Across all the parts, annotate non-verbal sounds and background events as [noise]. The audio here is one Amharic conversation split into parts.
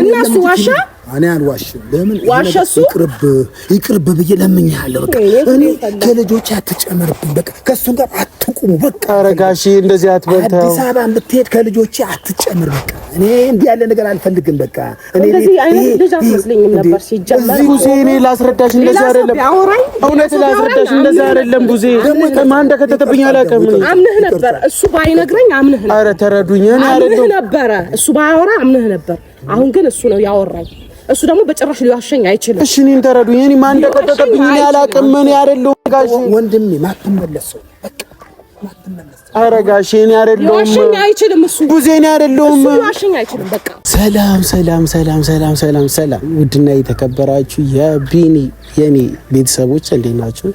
እና እሱ ዋሻ እኔ አልዋሽም። ለምን ዋሸሱ? ይቅርብ ይቅርብ ብዬ ለምኜሃለሁ። በቃ እኔ ከልጆች አትጨምርብኝ። በቃ ከሱ ጋር አትቁሙ። በቃ አረጋሺ፣ እንደዚህ አትበልታ። አዲስ አበባ ብትሄድ ከልጆች አትጨምር። በቃ እኔ እንዲህ ያለ ነገር አልፈልግም። በቃ እኔ እንደዚህ አይነት ልጅ አትመስለኝም ነበር ሲጀመር። ጉዜ፣ እኔ ላስረዳሽ፣ እንደዚህ አይደለም። እውነት ላስረዳሽ፣ እንደዚህ አይደለም። ጉዜ ማን እንደከተተብኝ አላውቅም። አምንህ ነበር እሱ ባይነግረኝ፣ አምንህ ነበር። ኧረ ተረዱኝ። እኔ አይደለም ነበር እሱ ባያወራ አምንህ ነበር። አሁን ግን እሱ ነው ያወራኝ። እሱ ደግሞ በጭራሽ ሊዋሸኝ አይችልም። እሺ እኔን ተረዱኝ። እኔ ማን እንደቀጠቀብኝ እኔ አላቅም። ምን አይደለሁም ጋሽ ወንድሜ፣ ማትመለስ ሰው በቃ ማትመለስ። ኧረ እኔ አይደለሁም፣ ሊዋሸኝ አይችልም። እሱ ቡዜ እኔ አይደለሁም፣ ሊዋሸኝ አይችልም። በቃ ሰላም፣ ሰላም፣ ሰላም፣ ሰላም፣ ሰላም፣ ሰላም። ውድና የተከበራችሁ የቢኒ የኔ ቤተሰቦች እንዴት ናችሁ?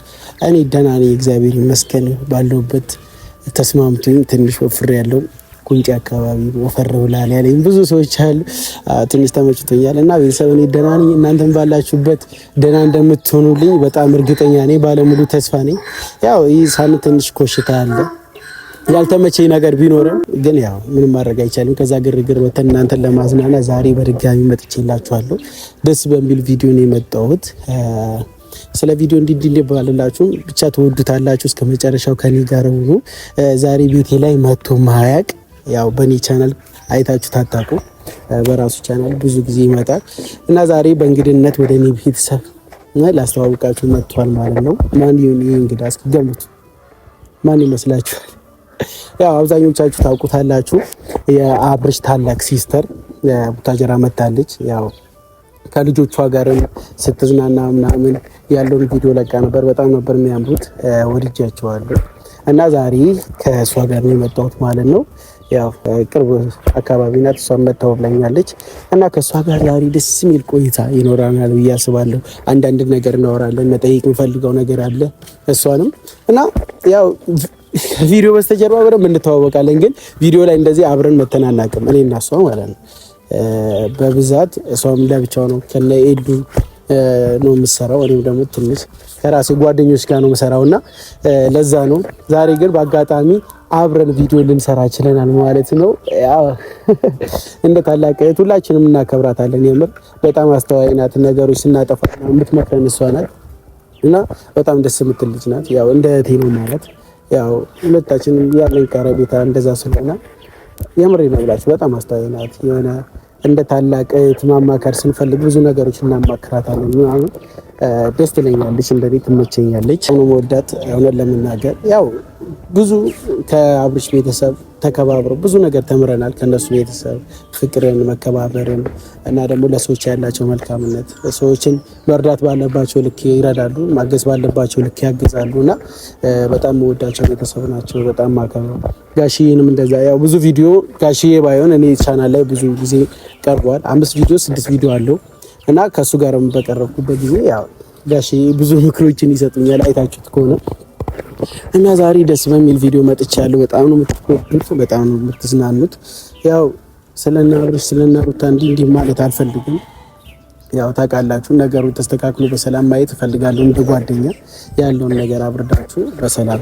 እኔ ደህና ነኝ፣ እግዚአብሔር ይመስገን። ባለሁበት ተስማምቶኝ ትንሽ ወፍሬ ያለው ቁንጭ አካባቢ ወፈር ብላል ያለኝ ብዙ ሰዎች አሉ። ትንሽ ተመችቶኛል እና ቤተሰብ እኔ ደህና ነኝ። እናንተም ባላችሁበት ደህና እንደምትሆኑልኝ በጣም እርግጠኛ ነኝ። ባለሙሉ ተስፋ ነኝ። ያው ይህ ሳምንት ትንሽ ኮሽታ አለ ያልተመቸኝ ነገር ቢኖርም ግን ያው ምንም ማድረግ አይቻልም። ከዛ ግርግር ወተን እናንተን ለማዝናናት ዛሬ በድጋሚ መጥቼላችኋለሁ። ደስ በሚል ቪዲዮ ነው የመጣሁት። ስለ ቪዲዮ እንዲድል ባልላችሁም ብቻ ትወዱታላችሁ። እስከ መጨረሻው ከኔ ጋር ሁኑ። ዛሬ ቤቴ ላይ መቶ ማያቅ ያው በእኔ ቻናል አይታችሁ ታታቁ በራሱ ቻናል ብዙ ጊዜ ይመጣል እና ዛሬ በእንግድነት ወደ እኔ ቤተሰብ ላስተዋውቃችሁ መጥቷል ማለት ነው። ማን ይሁን ይህ እንግዳ እስኪገምቱ ማን ይመስላችኋል? ያው አብዛኞቻችሁ ታውቁታላችሁ። የአብርሽ ታላቅ ሲስተር ቡታጀራ መታለች። ያው ከልጆቿ ጋርም ስትዝናና ምናምን ያለውን ቪዲዮ ለቃ ነበር። በጣም ነበር የሚያምሩት፣ ወድጃቸዋለሁ እና ዛሬ ከእሷ ጋር ነው የመጣሁት ማለት ነው። ያው ቅርብ አካባቢ ናት። እሷን መታወብላኛለች እና ከእሷ ጋር ዛሬ ደስ የሚል ቆይታ ይኖራናል ብዬ አስባለሁ። አንዳንድ ነገር እናወራለን። መጠየቅ የሚፈልገው ነገር አለ እሷንም እና ያው ከቪዲዮ በስተጀርባ በደንብ እንተዋወቃለን፣ ግን ቪዲዮ ላይ እንደዚህ አብረን መተናናቅም እኔ እና እሷ ማለት ነው በብዛት እሷም ለብቻው ነው ከነ ኤዱ ነው የምሰራው። እኔም ደግሞ ትንሽ ከራሴ ጓደኞች ጋር ነው የምሰራው እና ለዛ ነው ዛሬ ግን በአጋጣሚ አብረን ቪዲዮ ልንሰራ ችለናል ማለት ነው። [laughs] እንደ ታላቅ እህት ሁላችንም እናከብራታለን። የምር በጣም አስተዋይ ናት። ነገሮች ስናጠፋ የምትመክረን እሷ ናት እና በጣም ደስ የምትል ልጅ ናት። ያው እንደ እህቴ ነው ማለት ያው ሁለታችንም ያለን ቀረቤታ እንደዛ ስለሆነ የምር ነው ብላችሁ በጣም አስተዋይ ናት። የሆነ እንደ ታላቅ እህት ማማከር ስንፈልግ ብዙ ነገሮች እናማክራታለን ምናምን። ደስ ትለኛለች፣ እንደኔ ትመቸኛለች። ሆኖ መወዳት እውነት ለመናገር ያው ብዙ ከአብርሽ ቤተሰብ ተከባብረው ብዙ ነገር ተምረናል። ከነሱ ቤተሰብ ፍቅርን፣ መከባበርን እና ደግሞ ለሰዎች ያላቸው መልካምነት ሰዎችን መርዳት ባለባቸው ልክ ይረዳሉ፣ ማገዝ ባለባቸው ልክ ያግዛሉ እና በጣም መወዳቸው ቤተሰብ ናቸው። በጣም ማከብረው ጋሽዬንም እንደዛ ያው ብዙ ቪዲዮ ጋሽዬ ባይሆን እኔ ቻናል ላይ ብዙ ጊዜ ቀርቧል። አምስት ቪዲዮ ስድስት ቪዲዮ አለው እና ከእሱ ጋርም በቀረብኩበት ጊዜ ያው ጋሽዬ ብዙ ምክሮችን ይሰጡኛል አይታችሁት ከሆነ እና ዛሬ ደስ በሚል ቪዲዮ መጥቻለሁ። በጣም ነው የምትወዱት፣ በጣም ነው የምትዝናኑት። ያው ስለና አብርሽ ስለና ሩታ እንዲህ እንዲህ ማለት አልፈልግም። ያው ታውቃላችሁ ነገሩ ተስተካክሎ በሰላም ማየት እፈልጋለሁ። እንደ ጓደኛ ያለውን ነገር አብርዳችሁ በሰላም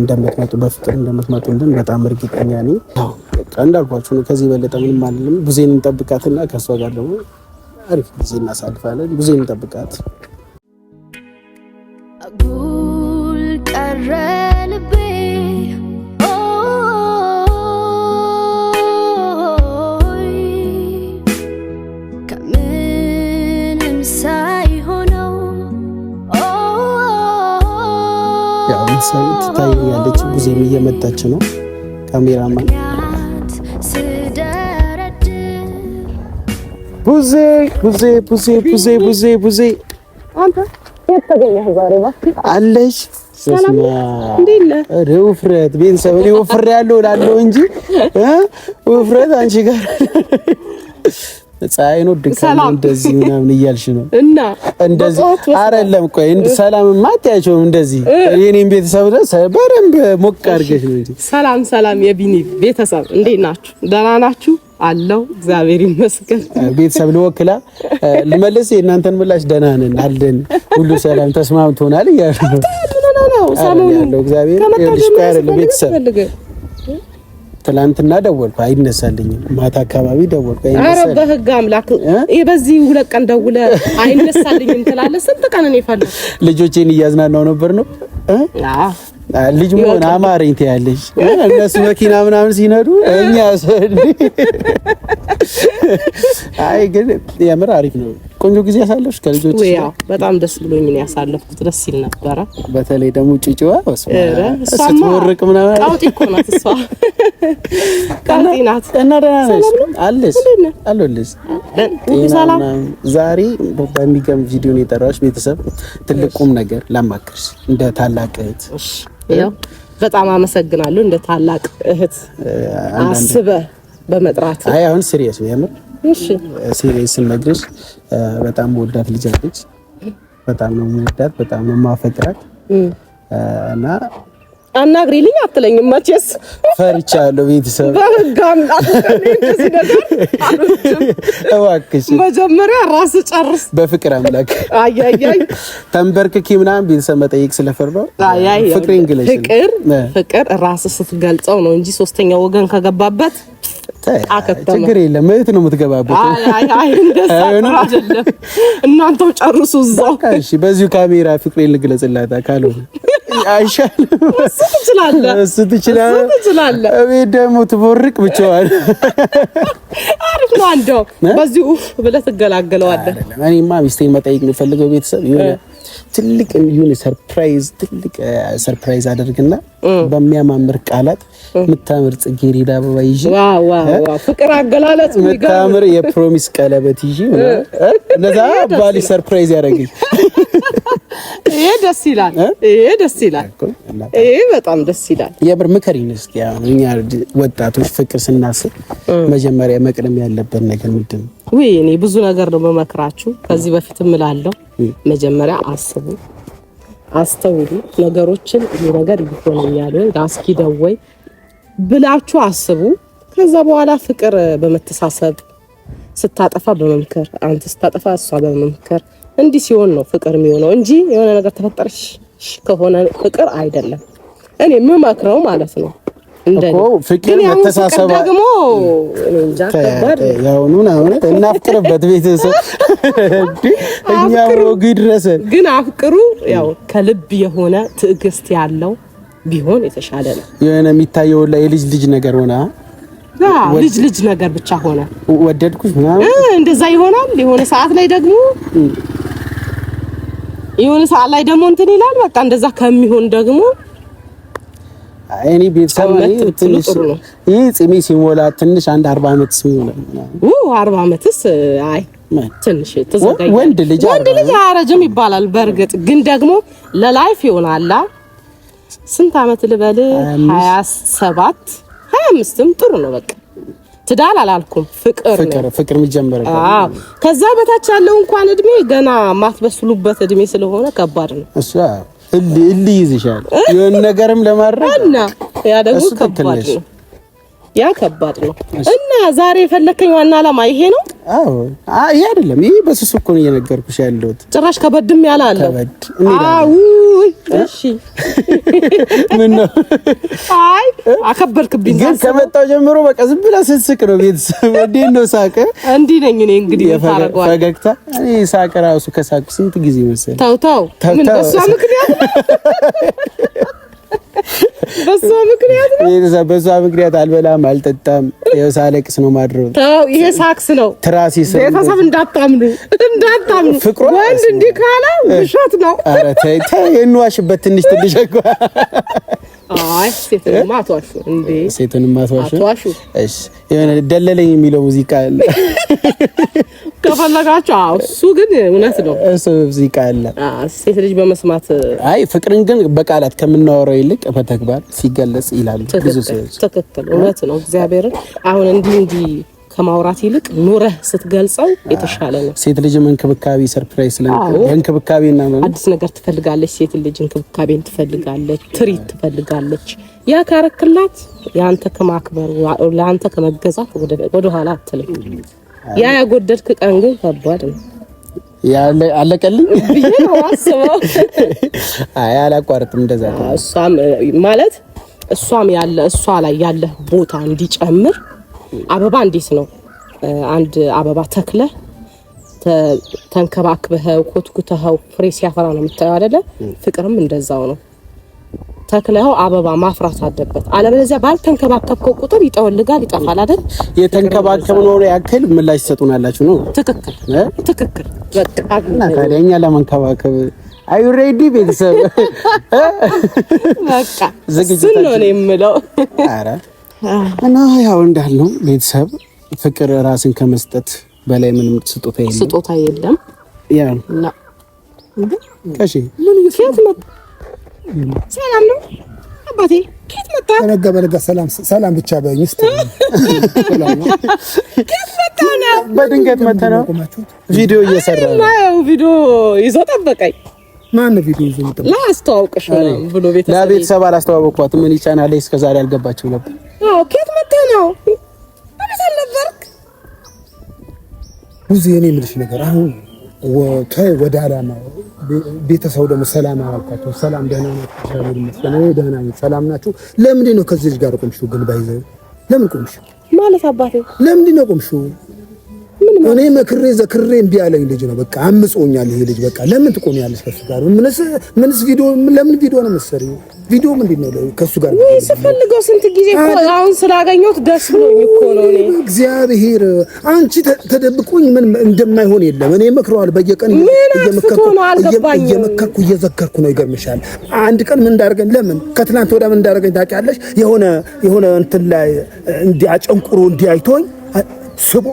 እንደምትመጡ በፍቅር እንደምትመጡልን በጣም እርግጠኛ ነኝ። በቃ እንዳልኳችሁ ነው። ከዚህ በለጠ ምንም አልልም። ብዙን እንጠብቃትና ከእሷ ጋር ደግሞ አሪፍ ጊዜ እናሳልፋለን። ብዙን እንጠብቃት ተሰበረ ልቤ ከምንም ሳይሆነው ሰው ትታየኛለች። ብዙም እየመጣች ነው ካሜራማን ቡዜ ቡዜ ቡዜ ቡዜ ቡዜ ቡዜ አንተ የት ተገኘህ ዛሬ? እባክህ አለሽ ውፍረት ቤተሰብ እኔ ወፍሬ ያለው እላለሁ እንጂ ውፍረት አንቺ ጋር ፀሐይ ነው ድካም እንደዚህ ምናምን እያልሽ ነው። እና እንደዚህ አይደለም። ቆይ ሰላም ማታያቸውም እንደዚህ የኔን ቤተሰብ በደንብ ሞቅ አድርገሽ ነው እንጂ። ሰላም ሰላም፣ የቢኒ ቤተሰብ እንዴት ናችሁ? ደህና ናችሁ? አለው እግዚአብሔር ይመስገን። ቤተሰብ ልወክላ ልመልስ የእናንተን ምላሽ ደህና ነን አለን፣ ሁሉ ሰላም ተስማምቶናል እያሉ ነው ነው ሰሞኑን እግዚአብሔር ትላንትና ደወልኩ አይነሳልኝም። ማታ አካባቢ ደወልኩ አይነሳልኝም። በህግ አምላክ በዚህ ሁለት ቀን ደውለ አይነሳልኝም ትላለህ። ስንት ቀን እኔ ፈለኩ። ልጆቼን እያዝናናው ነበር ነው ልጅ መሆን አማረኝ ትያለሽ። እነሱ መኪና ምናምን ሲነዱ እኛ ሰ [laughs] አይ ግን የምር አሪፍ ነው። ቆንጆ ጊዜ ያሳለፍሽ ከልጆች? ያው በጣም ደስ ብሎኝ ነው ያሳለፍኩት። ደስ ይል ነበረ። በተለይ ደግሞ ጭጭዋ ስትቦርቅ ምናምን ቀውጢ እኮ ናት እሷ። [laughs] ቀውጢ ናት እና ደህና ነሽ አለሽ አለልሽ። ዛሬ በሚገርም ቪዲዮ ነው የጠራሁሽ። ቤተሰብ ትልቅ ቁም ነገር ላማክርሽ እንደ ታላቅ እህት በጣም አመሰግናለሁ። እንደ ታላቅ እህት አስበህ በመጥራት አይ አሁን ሲሪየስ ነው የምር ሲሪየስ ስነግርሽ በጣም ወዳት ልጅ አለች። በጣም ነው የምወዳት፣ በጣም ነው የማፈቅራት እና አናግሪልኝ አትለኝም። መቼስ ፈርቻለሁ። ቤተሰብ እባክሽ መጀመሪያ ራስህ ጨርስ። በፍቅር አምላክ አያያይ ተንበርክኪ ምናምን ቤተሰብ መጠየቅ ስለፈራሁ ፍቅር ፍቅር ራስህ ስትገልጸው ነው እንጂ ሶስተኛ ወገን ከገባበት ችግር የለም። እህት ነው የምትገባበት። እናንተው ጨርሱ እዛው። በዚሁ ካሜራ ፍቅሬ ልግለጽላት ካልሆነ አይሻልም? እሱ ትችላለህ። እቤት ደግሞ ትቦርቅ ብቻዋል ማለት ነው። አንደው በዚህ ኡፍ ብለህ ትገላገለዋለህ። እኔማ ሚስቴን መጠየቅ የምፈልገው ቤተሰብ የሆነ ትልቅ ይሁን ሰርፕራይዝ፣ ትልቅ ሰርፕራይዝ አደርግና በሚያማምር ቃላት የምታምር ጽጌረዳ አበባ ይዤ ፍቅር አገላለጽ የምታምር የፕሮሚስ ቀለበት ይዤ እንደዛ ባሊ ሰርፕራይዝ ያደርግኝ ይሄ ደስ ይላል። ይሄ ደስ ይላል። ይሄ በጣም ደስ ይላል። ምከሪን እስኪ። እኛ ወጣቶች ፍቅር ስናስብ መጀመሪያ መቅደም ያለበት ነገር ምንድን ነው? ውይ እኔ ብዙ ነገር ነው ከዚህ በፊት እምላለሁ። መጀመሪያ አስቡ፣ አስተውሉ። ነገሮችን ይህ ነገር ይሆነኛል ወይ ዳስኪደው ወይ ብላችሁ አስቡ። ከዛ በኋላ ፍቅር በመተሳሰብ ስታጠፋ በመምከር አንተ ስታጠፋ እሷ በመምከር እንዲህ ሲሆን ነው ፍቅር የሚሆነው እንጂ የሆነ ነገር ተፈጠረሽ ከሆነ ፍቅር አይደለም። እኔ የምመክረው ማለት ነው እኮ ፍቅር መተሳሰብ ደግሞ ያውኑን አሁን እናፍቅርበት ቤተሰብ እኛ ወግ ይድረሰን፣ ግን አፍቅሩ ያው ከልብ የሆነ ትዕግስት ያለው ቢሆን የተሻለ ነው። የሆነ የሚታየው ላይ የልጅ ልጅ ነገር ሆነ ልጅ ልጅ ነገር ብቻ ሆነ። ወደድኩሽ ምናምን እንደዛ ይሆናል። የሆነ ሰዓት ላይ ደግሞ የሆነ ሰዓት ላይ ደግሞ እንትን ይላል። በቃ እንደዛ ከሚሆን ደግሞ እኔ ቤተሰብ ይህ ጽሜ ሲሞላ ትንሽ አንድ አርባ ዓመት ሲሞላ አርባ ዓመትስ አይ ትንሽ ወንድ ልጅ ወንድ ልጅ አያረጅም ይባላል። በእርግጥ ግን ደግሞ ለላይፍ ይሆናል። ስንት ዓመት ልበል ሀያ ሰባት አምስትም ጥሩ ነው። በቃ ትዳል አላልኩም፣ ፍቅር ፍቅር ፍቅር የሚጀምረው አዎ። ከዛ በታች ያለው እንኳን እድሜ ገና ማትበስሉበት እድሜ ስለሆነ ከባድ ነው እሱ። እልህ ይዝሻል የሆነ ነገርም ለማድረግ ያ ደግሞ ከባድ ነው። ያ ከባድ ነው እና ዛሬ የፈለከኝ ዋና ዓላማ ይሄ ነው። አዎ ይሄ አይደለም። ይሄ በሱስ እኮ ነው እየነገርኩሽ ያለሁት። ጭራሽ ከበድም ያለ አለ። ከበድ። አዎ እሺ፣ [laughs] ምን ነው አይ አከበድክብኝ። ግን ከመጣሁ ጀምሮ በቃ ዝም ብላ ስትስቅ ነው ቤተሰብ። እንዴት ነው ሳቀ? እንዲህ ነኝ እኔ እንግዲህ ታረጋዋለህ። ፈገግታ እኔ ሳቀ ራሱ ከሳቁ ስንት ጊዜ መሰለኝ። ተው ተው፣ ምን በሷ ምክንያት [laughs] በሷ ምክንያት ነው። በሷ ምክንያት አልበላም፣ አልጠጣም። ይኸው ሳለቅስ ነው ማድረው። ተው፣ ይሄ ሳክስ ነው። ትራሲ ሰው ቤተሰብ እንዳታምኑ፣ እንዳታምኑ። ፍቅሩ ወንድ እንዲህ ካለ ውሸት ነው። ኧረ ተይ ተይ፣ እንዋሽበት ትንሽ ትንሽ እኮ አይ፣ ሴትንማ አትዋሹ እንዴ! ሴትንማ አትዋሹ። እሺ፣ የሆነ ደለለኝ የሚለው ሙዚቃ አለ ከፈለጋቸው እሱ ግን እውነት ነው። እሱ ሴት ልጅ በመስማት አይ፣ ፍቅርን ግን በቃላት ከምናወራው ይልቅ በተግባር ሲገለጽ ይላሉ ብዙ ሰዎች። ትክክል፣ እውነት ነው። እግዚአብሔርን አሁን እንዲህ እንዲህ ከማውራት ይልቅ ኑረህ ስትገልጸው የተሻለ ነው። ሴት ልጅም እንክብካቤ ሰርፕራይዝ እንክብካቤ እና አዲስ ነገር ትፈልጋለች። ሴት ልጅ እንክብካቤን ትፈልጋለች፣ ትሪት ትፈልጋለች። ያ ካረክላት የአንተ ከማክበር ለአንተ ከመገዛት ወደኋላ አትልም። ያ ያጎደድክ ቀን ግን ከባድ ነው። አለቀልኝ ነው [laughs] አይ አላቋርጥም። እንደዛ እሷም ማለት እሷም ያለ እሷ ላይ ያለ ቦታ እንዲጨምር አበባ እንዴት ነው አንድ አበባ ተክለህ ተንከባክበኸው ኮትኩተኸው ፍሬ ሲያፈራ ነው የምታየው አይደለ? ፍቅርም እንደዛው ነው። ተክለው አበባ ማፍራት አለበት። አለበለዚያ ባልተንከባከብከው ቁጥር ይጠወልጋል፣ ይጠፋል አይደል? የተንከባከብ የተንከባከብነው ያክል ምላሽ ትሰጡናላችሁ ነው። ትክክል ትክክል። በቃ እኛ ለመንከባከብ አዩ ሬዲ ቤተሰብ [laughs] በቃ ዝግጅት ነው የምለው። አረ እና ያው እንዳልነው ቤተሰብ ፍቅር ራስን ከመስጠት በላይ ምንም ስጦታ የለም፣ ስጦታ የለም። ያ ነው። ከሺ ምን ሰላም ነው አባቴ። ኬት መጣ? በነጋ በነጋ ሰላም ሰላም ብቻ በይኝ እስቲ። መጣ ነው? በድንገት መጣ ነው። ቪዲዮ እየሰራ ነው። ቪዲዮ ይዞ ጠበቀኝ። ማን ቪዲዮ ይዞ ላስተዋውቅሽ ብሎ ቤተሰብ ለቤተሰብ ምን ይቻና ላይ እስከዛሬ ነበር። አዎ ነው? ብዙ የኔ የምልሽ ነገር አሁን ወደ አላማ ቤተሰቡ ደግሞ ሰላም አላልኳቸው። ሰላም ደህና ናቸው፣ ደህና ሰላም ናቸው። ለምንድን ነው ከዚህ ልጅ ጋር ቆምሽው? ግን ባይዘው ለምን ቆምሽው ማለት አባቴ ለምንድን ነው ቆምሽው? እኔ መክሬ ዘክሬ እምቢ ያለኝ ልጅ ነው። በቃ አምጾኛል ይሄ ልጅ በቃ ለምን ትቆሚያለሽ ከሱ ጋር? ምንስ ምንስ ቪዲዮ ለምን ቪዲዮ ነው የምትሰሪው? ቪዲዮ ምንድን ነው ከሱ ጋር ስፈልገው ስንት ጊዜ እኮ አሁን ስላገኘሁት ደስ ብሎኝ እኮ ነው። እኔ እግዚአብሔር አንቺ ተደብቆኝ ምን እንደማይሆን የለም። እኔ መክረዋል በየቀን እየመከርኩ እየመከርኩ እየዘከርኩ ነው። ይገርምሻል አንድ ቀን ምን እንዳደረገኝ ለምን ከትናንት ወዲያ ምን እንዳደረገኝ ታውቂያለሽ? የሆነ የሆነ እንትን ላይ እንዲያጨንቁሮ እንዲያይቶኝ ስቦ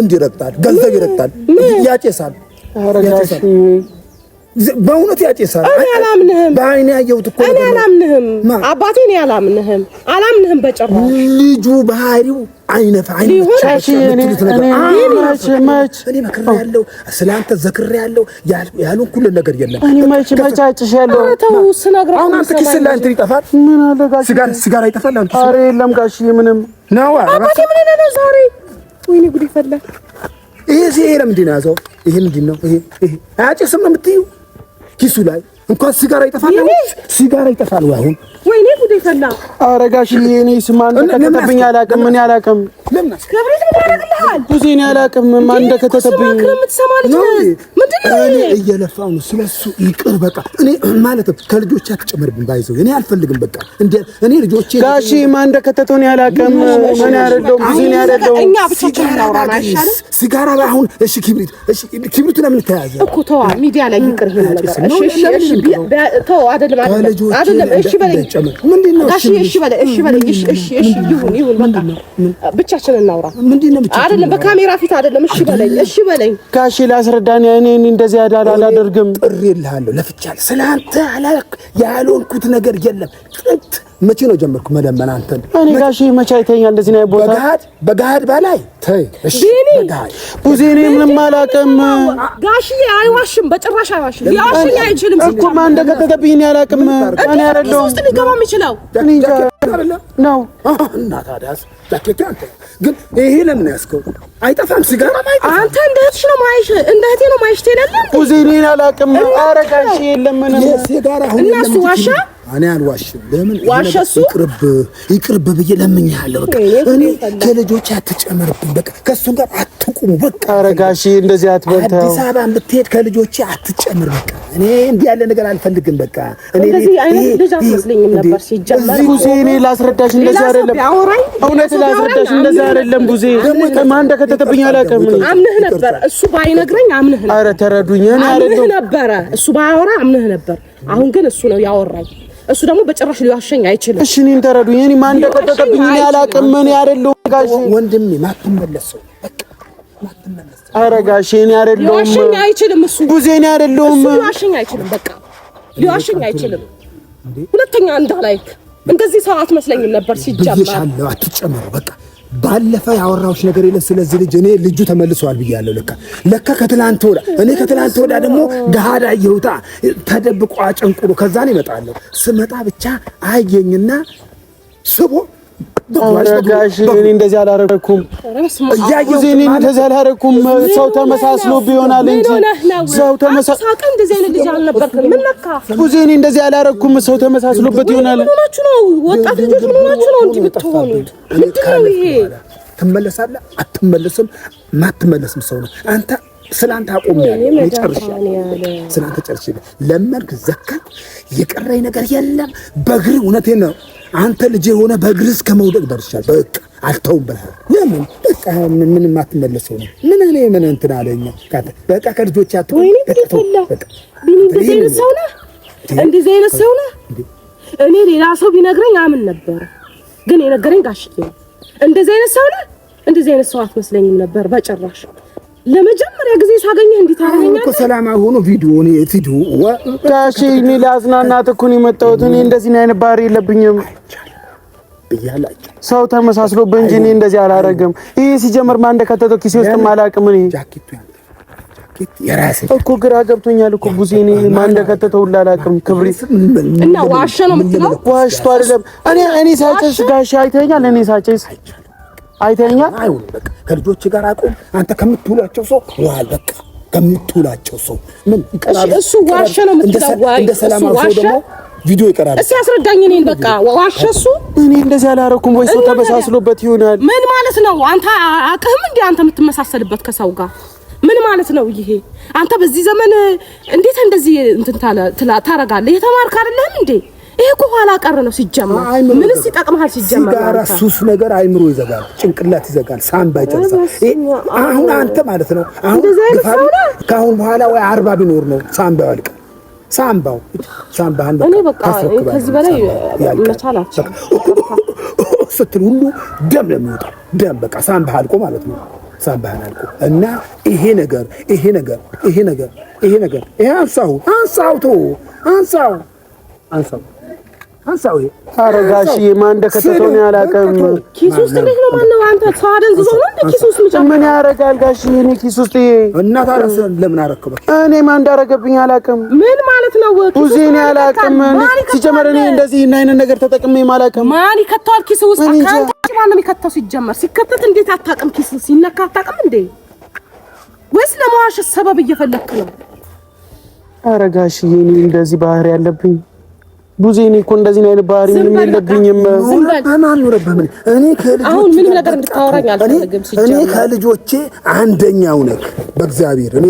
እንዲህ ይረግጣል፣ ገንዘብ ይረግጣል፣ ያጨሳል፣ በእውነት ያጨሳል። አላምንህም። በአይኔ ያየሁት እኮ እኔ አላምንህም። አባቴ እኔ አላምንህም፣ አላምንህም በጭራሽ። ልጁ ባህሪው አይነፋ ያለው ስለአንተ ዘክሬ ያለው ያሉን ሁሉ ነገር የለም። ምንም ነው አባቴ ምን ነው ዛሬ ወይኔ ጉድ ይፈላል። ይሄ ምንድን ነው? ያዘው። ይሄ ምንድን ነው? ይሄ አያጭስም ነው የምትይው ኪሱ ላይ እንኳን ሲጋራ ይጠፋል፣ ሲጋራ ይጠፋል። አሁን ወይኔ ጉዴ ፈላ። ኧረ ጋሽዬ እኔ ስማ እንደከተተብኝ አላውቅም። ምን ያላውቅም ለምን አላውቅም። ማን እንደከተተብኝ እኔ እየለፋሁ ነው። ስለሱ ይቅር በቃ። እኔ ማለት ከልጆቼ አትጨመርብኝ። ባይዘው እኔ አልፈልግም። በቃ እንደ እኔ ልጆቼ ጋሺ ማን እንደከተተው እኔ አላውቅም። ብዙ እኛ ሲጋራ አሁን እሺ፣ ኪብሪት እሺ፣ ኪብሪቱ ለምን ተያዘ እኮ ተዋ፣ ሚዲያ ላይ ይቅር እሺ የምፈልገው አይደለም። ብቻችን እናውራ። አይደለም በካሜራ ፊት አይደለም። እሺ በለኝ፣ እሺ በለኝ ጋሼ፣ ላስረዳኝ። እኔ እንደዚህ አላደርግም። ጥሪ እልሃለሁ። ለፍቻለሁ። ስለ ያልሆንኩት ነገር የለም። ጥንት መቼ ነው ጀመርኩ መለመን አንተ እኔ ጋሽ መቼ አይተኸኝ እንደዚህ ነው ቦታ በጋድ በጋድ ባላይ ተይ፣ እሺ በጋድ ቡዜ እኔ ምንም አላውቅም። ጋሽ አይዋሽም፣ በጭራሽ አይዋሽም። ሊዋሽኝ አይችልም እኮ ማን እንደከተተብኝ እኔ አላውቅም። እኔ አይደለሁም ውስጥ ሊገባ የሚችለው እኔ እንጃ ነው። እና ታዲያስ ጃኬት አንተ ግን ይሄ ለምን ያስከው አይጠፋም። ሲጋራ ማይጠፋ አንተ እንደ እህትሽ ነው ማይሽ፣ እንደ እህቴ ነው ማይሽ። ተለለም ቡዜ እኔ አላውቅም። አረጋሽ የለም ምንም ሲጋራ ሁሉ እና እሱ ዋሻ እኔ አልዋሽም። ለምን ዋሸሱ? ይቅርብ ይቅርብ ብዬ ለምኛለሁ። በቃ እኔ ከልጆች አትጨምርብኝ። በቃ ከእሱን ጋር አት በቃ ረጋሺ እንደዚህ አትበልተው። አዲስ አበባ ብትሄድ ከልጆች አትጨምር። በቃ እኔ እንዲህ ያለ ነገር አልፈልግም። በቃ እኔ እንደዚህ አይነት ልጅ አትመስለኝም ነበር ሲጀመር። ጉዜ እኔ ላስረዳሽ፣ እንደዚህ አይደለም። እውነት ላስረዳሽ፣ እንደዚህ አይደለም። ጉዜ ማን እንደከተተብኝ አላውቅም። አምንህ ነበር እሱ ባይነግረኝ አምንህ ነበር። ኧረ ተረዱኝ። እኔ አምንህ ነበረ እሱ ባያወራ አምንህ ነበር። አሁን ግን እሱ ነው ያወራኝ። እሱ ደግሞ በጭራሽ ሊዋሸኝ አይችልም። እሺ እኔን ተረዱኝ። እኔ ማን እንደከተተብኝ አላውቅም። እኔ አይደለሁም ጋሽ ወንድሜ ማትመለሰው በቃ ኧረ ጋሼ እኔ አይደለሁም ቡዜ እኔ አይደለሁም። አይችልም። በቃ አይችልም። ሁለተኛ እንዳላይክ እንደዚህ ሰው አትመስለኝም ነበር ሲጀመር። አትጨመሩ በቃ ባለፈ ያወራሁሽ ነገር የለም። ስለዚህ ልጅ እኔ ልጁ ተመልሰዋል ብያለሁ። ለካ ለካ ከትላንት ወዳ እኔ ከትላንት ወዳ ደግሞ ገሃዳ ተደብቆ ይመጣለሁ። ስመጣ ብቻ አየኝና ስቦ እኔ እንደዚህ አላረኩም፣ እያየሁት እኔ እንደዚህ አላረኩም። ሰው ተመሳስሎ ቢሆናል እንጂ ሰው እንደዚህ አላረኩም። ሰው ተመሳስሎበት ይሆናል። ትመለሳለህ አትመለስም፣ ማትመለስም ሰው ነው አንተ ስላንተ አቆም ያለ ስላንተ ጨርሼ ለመንክ ዘከት የቀረኝ ነገር የለም በእግር እውነቴን ነው አንተ ልጅ የሆነ በግርስ ከመውደቅ ደርሻል። በቃ አልተውም ብለሃል። ለምን በቃ ምንም አትመለሰው ነው። ምን እኔ ምን እንትን አለኝ። በቃ ከልጆች አት እንደዚህ አይነት ሰው ነህ፣ እኔ ሌላ ሰው ቢነግረኝ አምን ነበር፣ ግን የነገረኝ ጋሽዬ ነው። እንደዚህ አይነት ሰው ነህ። እንደዚህ አይነት ሰው አትመስለኝም ነበር በጭራሽ። ለመጀመሪያ ጊዜ ሳገኘህ እንዴት እኮ ሰላማዊ ሆኖ ቪዲዮ ነው ቪዲዮ ጋሽ ሚል አዝናናት እኮ ነው የመጣሁት። እኔ እንደዚህ አይነት ባህሪ የለብኝም ብያላችሁ። ሰው ተመሳስሎብህ እንጂ እኔ እንደዚህ አላረግም። ይሄ ሲጀምር ማን እንደከተተው ኪሴ ውስጥም አላውቅም። እኔ እኮ ግራ ገብቶኛል እኮ ቡዜ፣ እኔ ማን እንደከተተው ሁላ አላውቅም። ክብሪት እና ዋሸ ነው የምትለው? ዋሽቶ አይደለም እኔ እኔ ሳጨስ ጋሽ አይተኸኛል። እኔ ሳጨስ አይተኛም። አይሁን በቃ ከልጆች ጋር አቁም። አንተ ከምትውላቸው ሰው ዋል በቃ ከምትውላቸው ሰው ምን ይቀራል? እሱ ዋሸ ነው የምትለው። እንደ ሰላም አልፎ ደግሞ ቪዲዮ ይቀራል። እስኪ አስረዳኝ እኔን። በቃ ዋሸ እሱ። እኔ እንደዚህ አላረኩም ወይ ሰው ተመሳስሎበት ይሆናል። ምን ማለት ነው? አንተ አቅህም እንደ አንተ የምትመሳሰልበት ከሰው ጋር ምን ማለት ነው ይሄ? አንተ በዚህ ዘመን እንዴት እንደዚህ እንትን ታረጋለህ? የተማርክ አይደለህም እንዴ? ይሄ እኮ ኋላ ቀር ነው ሲጀመር። ምንስ ይጠቅምሃል ሲጀመር? ሲጋራ ሱስ ነገር አይምሮ ይዘጋል፣ ጭንቅላት ይዘጋል፣ ሳምባ ይጨርሳል። አሁን አንተ ማለት ነው አሁን ከአሁን በኋላ ወይ አርባ ቢኖር ነው ሳምባው ያልቃል። ሳምባው ሳምባህን እኔ በቃ ከዚህ በላይ መቻላችሁ ስትል ሁሉ ደም ለሚወጣው ደም በቃ ሳምባህ አልቆ ማለት ነው ሳምባህ አልቆ እና ይሄ ነገር ይሄ ነገር ይሄ ነገር ይሄ ነገር ይሄ አንሳው አንሳው ቶ አንሳው አንሳው አንሳው አረጋሽ ማን እንደከተተው ነው ያላቀም ኪስ ውስጥ እንዴት ነው? ማነው አንተ ሰው አደንዝዞ ነው እንደ ኪስ ውስጥ ምጫ ምን ያረጋል ጋሽ? እኔ ኪስ ውስጥ እና ታረሰ ለምን አረከበ? እኔ ማን እንዳረገብኝ አላቀም። ምን ማለት ነው? ኪስ ውስጥ ያላቀም ሲጀመር እኔ እንደዚህ እና አይነት ነገር ተጠቅሜ ማላቀም። ማን ይከተዋል ኪስ ውስጥ? አንተ ማን ነው የሚከተው? ሲጀመር ሲከተት እንዴት አታውቅም? ኪስ ሲነካ አታውቅም እንዴ? ወይስ ለመዋሸት ሰበብ እየፈለክ ነው? አረጋሽ እኔ እንደዚህ ባህሪ ያለብኝ ቡዜ እኔ እኮ እንደዚህ አይነት ባህሪ ምንም የለብኝም። እኔ ከልጆቼ አንደኛው ነኝ። በእግዚአብሔር እኔ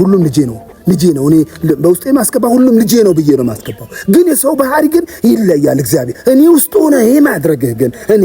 ሁሉም ልጄ ነው ልጄ ነው። እኔ በውስጤ ማስገባ ሁሉም ልጄ ነው ብዬ ነው ማስገባው። ግን የሰው ባህሪ ግን ይለያል። እግዚአብሔር እኔ ውስጥ ሆነ ይሄ ማድረግህ ግን እኔ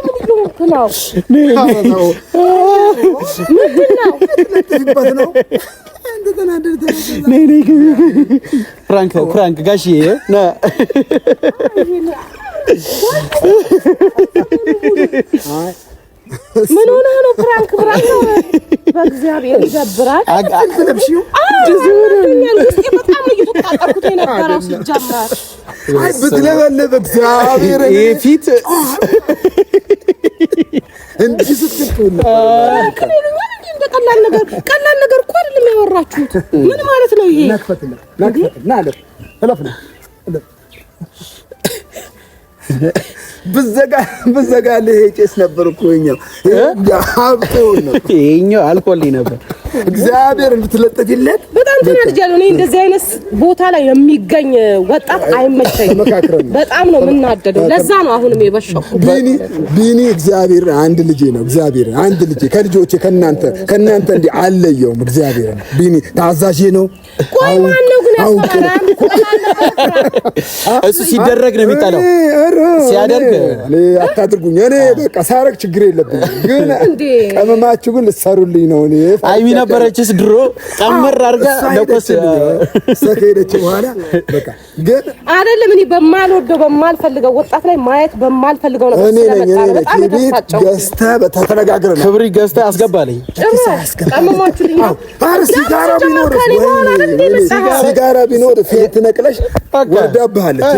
ነው ፍራንክ ነው ፍራንክ ጋሽዬ ና ምን ሆነህ ነው? ፍራንክ ፍራንክ ነው። በእግዚአብሔር ይዘብራል። በጣም እንዲህ ስትል ቀላል ነገር ቀላል ነገር እኮ አይደለም ያወራችሁት። ምን ማለት ነው ይሄ? ብዘጋ ለህ ጭስ ነበር እኮ ይኛው ሀብቴውን ነበር። እግዚአብሔር እንድትለጠፊለት በጣም ተናድጃለሁ። እኔ እንደዚህ አይነት ቦታ ላይ የሚገኝ ወጣት አይመቸኝም። በጣም ነው የምናደደው። ለዛ ነው አሁንም የበሻው ቢኒ ቢኒ እግዚአብሔር አንድ ልጄ ነው። እግዚአብሔር አንድ ልጄ ከልጆቼ ከእናንተ ከእናንተ እንዲህ አለየውም። እግዚአብሔር ቢኒ ታዛዤ ነው። ቆይ ማነው [laughs] እሱ ሲደረግ ነው የሚጠላው። ሲያደርግ አታድርጉኝ። እኔ በቃ ሳረግ ችግር የለብኝ፣ ግን ቀመማችሁ [laughs] ግን ልትሰሩልኝ ነው። እኔ አይሚ ነበረችስ ድሮ ቀመር አድርጋ ለኮስ ከሄደች በኋላ በቃ ግን አይደለም እኔ በማልወደው በማልፈልገው ወጣት ላይ ማየት በማልፈልገው ነው። እኔ ነኝ ቤት ገዝተህ ነው ክብሪ ገዝተህ አስገባልኝ። ቀመማችሁ ልኝ ሲጋራ ቢኖር ሲጋራ አሻራ ቢኖር ፌት ነቅለሽ ወርዳብሃለች።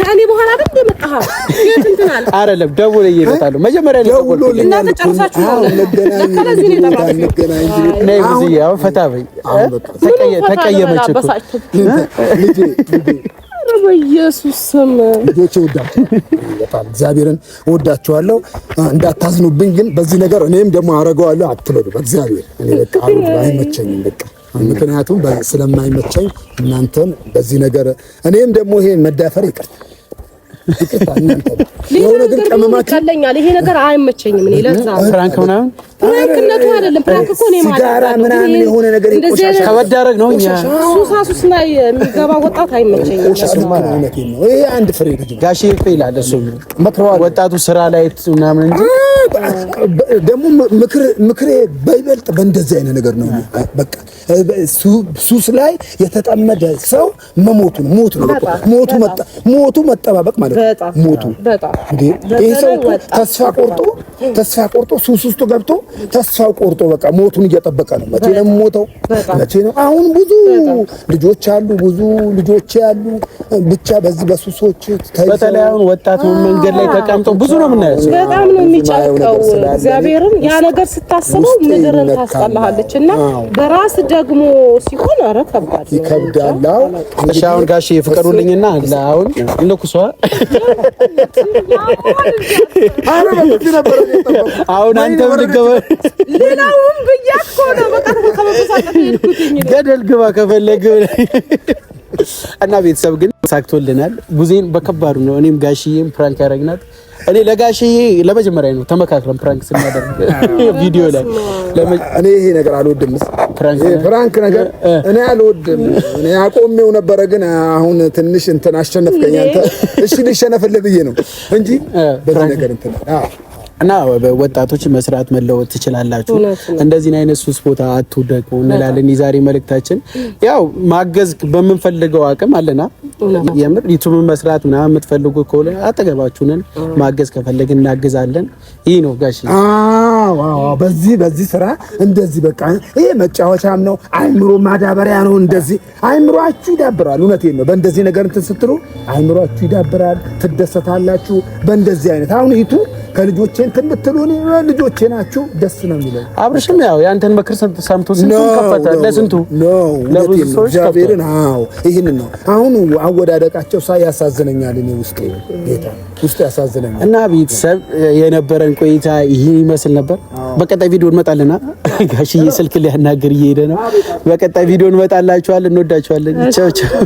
ከእኔ በኋላ ግን እንደመጣህ አይደለም። ደውለህ ይመጣሉ። መጀመሪያ ነው እናንተ ጨርሳችሁ ነው ተቀየመች በኢየሱስ ስም ልጆቼ እግዚአብሔርን እንዳታዝኑብኝ ግን በዚህ ነገር እኔም ደግሞ አረገዋለሁ አትበሉ። በእግዚአብሔር እኔ በቃ አይመቸኝም በቃ ምክንያቱም ስለማይመቸኝ እናንተን በዚህ ነገር እኔም ደግሞ ይሄ መዳፈር ይቅር ይቅርታ፣ እናንተ የሆነ ግን ቀመማችሁ ይሄ ነገር አይመቸኝም እኔ ለዛ ፍራንክ ምናምን ፕራንክነቱ አይደለም። ፕራንክ እኮ ነው ማለት ምናምን የሆነ ነገር ይቆሻሻል ነው። እኛ ሱሳ ሱስ ላይ የሚገባ ወጣት አይመቸኝም። ይሄ አንድ ፍሬ ጋሼ ይላል እሱ መክረዋል። ወጣቱ ስራ ላይ ምናምን እንጂ ደግሞ ምክር ምክሬ በይበልጥ በእንደዚህ አይነት ነገር ነው። በቃ ሱስ ላይ የተጠመደ ሰው መሞቱ ነው። ሞቱ ነው። ሞቱ መጣ ሞቱ መጠባበቅ ማለት ነው። ሞቱ ይሄ ሰው ተስፋ ቆርጦ ተስፋ ቆርጦ ሱስ ውስጥ ገብቶ ተስፋ ቆርጦ በቃ ሞቱን እየጠበቀ ነው። መቼ ነው የምሞተው? መቼ ነው? አሁን ብዙ ልጆች አሉ፣ ብዙ ልጆች ያሉ ብቻ በዚህ በሱሶች በተለይ አሁን ወጣቱ መንገድ ላይ ተቀምጦ ብዙ ነው የምናየው። በጣም ነው የሚጨንቀው። እግዚአብሔርም ያ ነገር ስታስበው ምድርን ታስጠላሃለች እና በራስ ደግሞ ሲሆን ኧረ ከባድ ይከብዳል። እሺ አሁን ጋሼ ፍቀዱልኝና አሁን ልኩሷ አሁን አንተ ምን ገበ ሌላውም ብያት እኮ ነው። በቃ ከመበሳጨት የሄድኩትኝ ገደል ግባ ከፈለግ እና ቤተሰብ ግን ሳክቶልናል። ጉዜን በከባዱ ነው። እኔም ጋሽዬም ፕራንክ ያደረግናት እኔ ለጋሽዬ ለመጀመሪያ ነው ተመካክረን ፕራንክ ስናደርግ ቪዲዮ ላይ እኔ ይሄ ነገር አልወድም፣ ፕራንክ ነገር እኔ አልወድም። እኔ አቆሜው ነበረ፣ ግን አሁን ትንሽ እንትን አሸነፍከኝ አንተ። እሺ ልሸነፍልህ ብዬ ነው እንጂ በዚህ ነገር እንትን እና ወጣቶች መስራት መለወጥ ትችላላችሁ። እንደዚህ አይነት ሱስ ቦታ አትውደቁ እንላለን። የዛሬ መልእክታችን ያው ማገዝ በምንፈልገው አቅም አለና የምር ዩቱብ መስራት ምናምን የምትፈልጉ ከሆነ አጠገባችሁንን ማገዝ ከፈለግን እናግዛለን። ይህ ነው ጋሽ። በዚህ በዚህ ስራ እንደዚህ በቃ ይሄ መጫወቻም ነው፣ አይምሮ ማዳበሪያ ነው። እንደዚህ አይምሮአችሁ ይዳብራል። እውነቴን ነው። በእንደዚህ ነገር እንትን ስትሉ አይምሮአችሁ ይዳብራል፣ ትደሰታላችሁ። በእንደዚህ አይነት አሁን ይቱ ከልጆቼ እንትን ብትሉ ልጆቼ ናችሁ፣ ደስ ነው የሚለው። አብርሽም ያው ያንተን መክር ሰምቶ ስንቱ ከፈተ፣ ለስንቱ ለብዙ ሰዎች እግዚአብሔርን። አዎ ይህን ነው አሁን አወዳደቃቸው ሳይ ያሳዝነኛል፣ እኔ ውስጤ ጌታ ውስጤ ያሳዝነኛል። እና ቤተሰብ የነበረን ቆይታ ይህን ይመስል ነበር። በቀጣይ ቪዲዮ እንመጣለና ጋሽዬ ስልክ ሊያናገር እየሄደ ነው። በቀጣይ ቪዲዮ እንመጣላችኋል። እንወዳችኋለን። ቻው ቻው።